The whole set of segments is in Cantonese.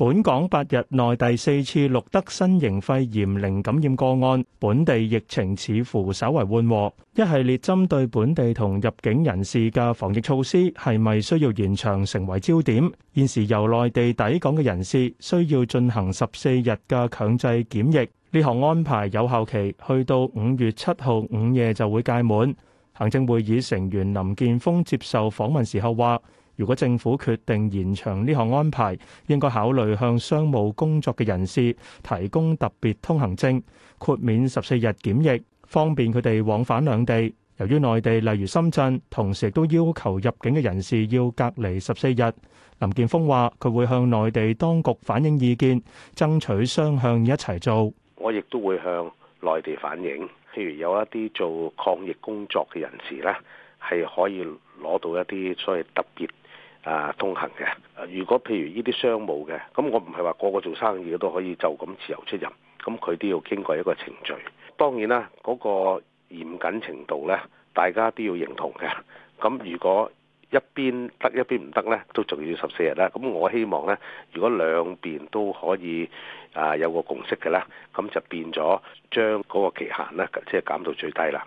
本港八日內第四次錄得新型肺炎零感染個案，本地疫情似乎稍為緩和。一系列針對本地同入境人士嘅防疫措施係咪需要延長，成為焦點。現時由內地抵港嘅人士需要進行十四日嘅強制檢疫，呢項安排有效期去到五月七號午夜就會屆滿。行政會議成員林健鋒接受訪問時候話。如果政府決定延長呢項安排，應該考慮向商務工作嘅人士提供特別通行證，豁免十四日檢疫，方便佢哋往返兩地。由於內地例如深圳，同時亦都要求入境嘅人士要隔離十四日。林健鋒話：佢會向內地當局反映意見，爭取雙向一齊做。我亦都會向內地反映，譬如有一啲做抗疫工作嘅人士咧，係可以攞到一啲所謂特別。啊，通行嘅、啊。如果譬如呢啲商務嘅，咁我唔係話個個做生意都可以就咁自由出入，咁佢都要經過一個程序。當然啦、啊，嗰、嗰個嚴謹程度呢，大家都要認同嘅。咁如果一邊得一邊唔得呢，都仲要十四日啦。咁我希望呢，如果兩邊都可以啊，有個共識嘅呢，咁就變咗將嗰個期限呢，即係減到最低啦。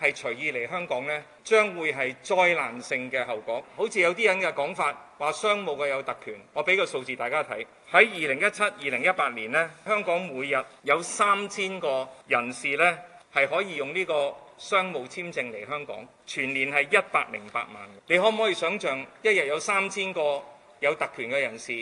係隨意嚟香港呢，將會係災難性嘅後果。好似有啲人嘅講法，話商務嘅有特權。我俾個數字大家睇，喺二零一七、二零一八年呢，香港每日有三千個人士呢，係可以用呢個商務簽證嚟香港，全年係一百零八萬。你可唔可以想像，一日有三千個有特權嘅人士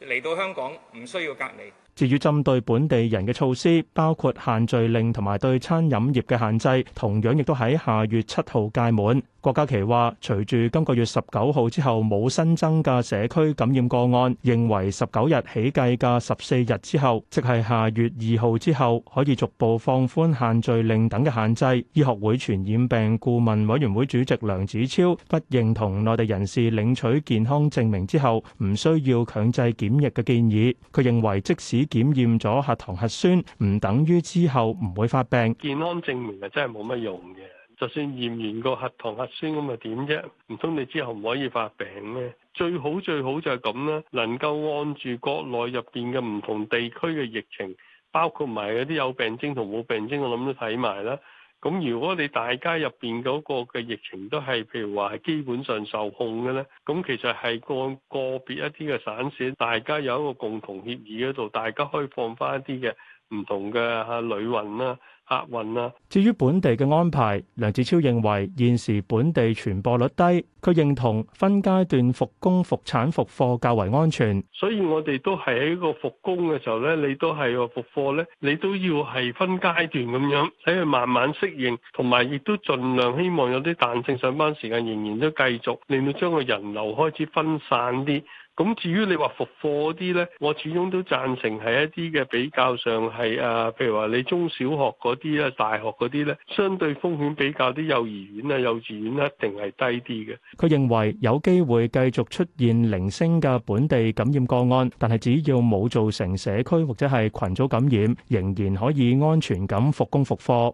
嚟到香港，唔需要隔離？至於針對本地人嘅措施，包括限聚令同埋對餐飲業嘅限制，同樣亦都喺下月七號屆滿。郭家麒話，隨住今個月十九號之後冇新增嘅社區感染個案，認為十九日起計嘅十四日之後，即係下月二號之後，可以逐步放寬限聚令等嘅限制。醫學會傳染病顧問委員會主席梁子超不認同內地人士領取健康證明之後唔需要強制檢疫嘅建議。佢認為，即使檢驗咗核糖核酸，唔等於之後唔會發病。健康證明啊，真係冇乜用嘅。就算驗完個核糖核酸咁又點啫？唔通你之後唔可以發病咩？最好最好就係咁啦，能夠按住國內入邊嘅唔同地區嘅疫情，包括埋嗰啲有病徵同冇病徵，我諗都睇埋啦。咁如果你大家入邊嗰個嘅疫情都係譬如話係基本上受控嘅呢，咁其實係個個別一啲嘅省市，大家有一個共同協議嗰度，大家可以放翻一啲嘅唔同嘅啊旅運啦。押運啦。至於本地嘅安排，梁志超認為現時本地傳播率低。佢認同分階段復工復產復課較為安全，所以我哋都係喺個復工嘅時候咧，你都係復課咧，你都要係分階段咁樣喺度慢慢適應，同埋亦都盡量希望有啲彈性上班時間仍然都繼續，令到將個人流開始分散啲。咁至於你話復課啲咧，我始終都贊成係一啲嘅比較上係啊，譬如話你中小學嗰啲咧、大學嗰啲咧，相對風險比較啲，幼兒園啊、幼稚園一定係低啲嘅。佢認為有機會繼續出現零星嘅本地感染個案，但係只要冇造成社區或者係群組感染，仍然可以安全咁復工復課。